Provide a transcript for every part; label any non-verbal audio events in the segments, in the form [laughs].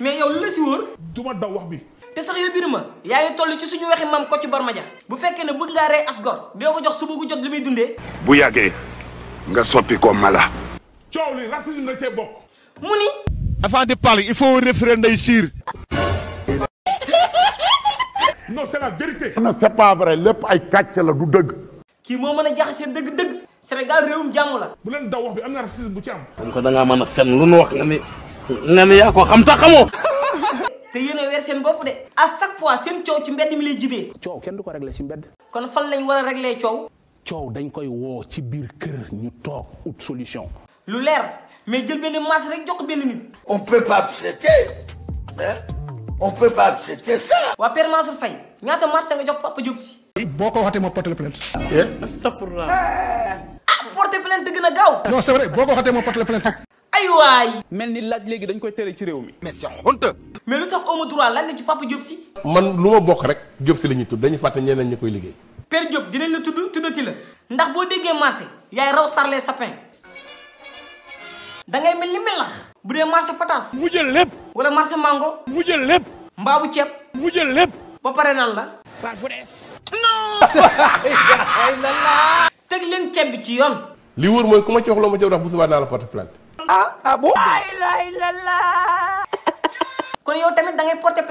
mais yow lu la si wóor duma daw wax bi té sax yow biir yaay tollu ci suñu waxi maam Kocc Barma Dia bu fekké né bëgg nga ré asgor gor ko jox subu gu jot li dundé bu yagé nga soppi ko mala ciow li racisme la cee bok muni avant de parler il faut référendum day sir non c'est la vérité non c'est pas vrai lepp ay katch la du deug ki mo meuna a jaxasee deug Sénégal réewum jamm la bu len daw wax bi amna racisme bu ci am kon ko da nga meuna a lu nu wax nga ni nga ya ko xam ta xamoo te yene wer sen bop de a chaque fois sen ciow ci mbedd mi lay jibee ciow kenn duko régler ci mbedd kon fan lañ wara régler ciow ciow dañ koy wo ci bir keur ñu tok ut solution lu leer mais jël ben masse rek jox ben nit on peut pas accepter on peut pas accepter ça wa père Mansour fay ñata masse nga jox papa Diop si boko waté waxatee ma porter plainte astaghfirullah eh? ah porter plainte gëna gaw non c'est vrai boko waté ma plainte ay waay. mel ni laaj léegi dañ koy tere ci réew mi. mais c'est honte. mais lu tax amu droit laaj la ci papa Diop si. man lu ma bokk rek Diop si la ñuy tudd dañu fàtte ñeneen ñu koy liggéey. père Diop dinañ la tudd tuddati la. ndax boo déggee marché yaay raw sarlee sapin. da ngay mel ni melax. bu dee marché pataas. mu jël lépp. wala marché mango. mu jël lépp. bu ceeb. mu jël lépp. ba pare nan la. parfois. non. [laughs] teg leen ceeb bi ci yoon. li wóor mooy ku ma ci wax loo ma ci wax bu subaa naa la ah ah bon. kon yow tamit da ngay porter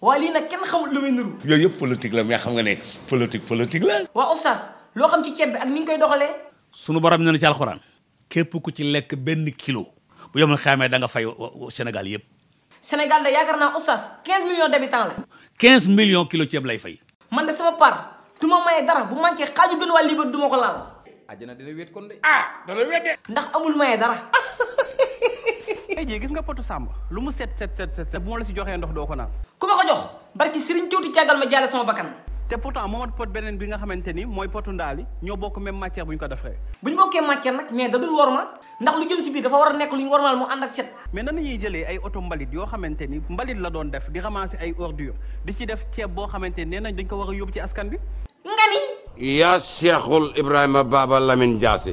waa lii nag kenn xamul lu muy nuru. yooyu yëpp politique la mais xam nga ne politique politique la. waa oustaz loo xam ci ceeb bi ak ni ñu koy doxalee. sunu borom ñu ne ci alxuraan. ku ci lekk benn kilo. bu yomal da nga fay Sénégal yëpp. Sénégal de yaakaar naa oustaz 15 millions d'habitants la. 15 millions kilo ceeb lay fay. man de sama part du ma maye dara bu manqué xaaju gën waa lii ba du ma ko laal. àjjana dina wéet kon de. Ah, ndax amul maye dara. [laughs] tey gis nga potu sàmba lu mu set set set set la si joxee ndox doo ko naan ku ma ko jox barki sëriñ tuuti càggal ma jaale sama bakkan te pourtant moom ak pot beneen bi nga xamante ni mooy potu ndaali ñoo bokk même matière bu ñu ko defee bu ñu bokkee matière nag mais da dul worma ndax lu jëm si biir dafa war a nekk lu ñu wormaal mu ànd ak set mais nan lañuy jëlee ay oto mbalit yoo xamante ni mbalit la doon def di ramasser ay ordure di ci def ceeb boo xamante ni nee nañ dañ ko war a yóbbu ci askan bi nga ni yaa Cheikhul Ibrahima Baba Lamine [laughs]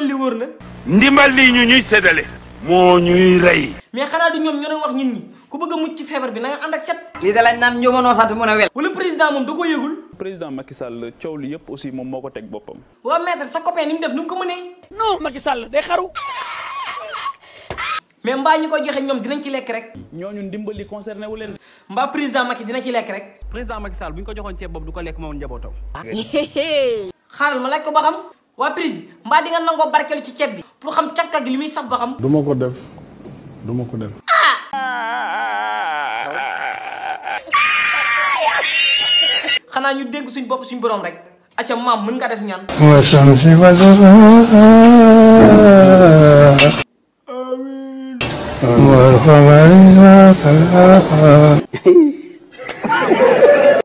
ndimbal li wóor na ndimbal ñu ñuy sédalé mo ñuy ray mais xana du ñom ñoo wax nit ñi ku bëgg a mucc ci fièvre bi na nga and ak set li da lañ ñu mëno sant mëna a wala président mom da ko yëgul président Macky Sall ciow li yëpp aussi mom moko tek bopam wa maître sa copain ni mu def ni ko mëne non Macky Sall day xaru mais mba ñi ko joxe ñom dinañ ci lekk rek ñooñu ndimbali concerné wu len mba président Macky dina ci lekk rek président Macky Sall buñ ko joxon ci bop du ko mo moom njabootam ma laaj ko ba xam wa président mba di nga nango barkeelu ci ceeb bi pour xam cafka gi limi sax baxam duma ko def duma ko def. xana ñu deg suñ bop suñ borom rek acca mam mën nga def ñaan. amin.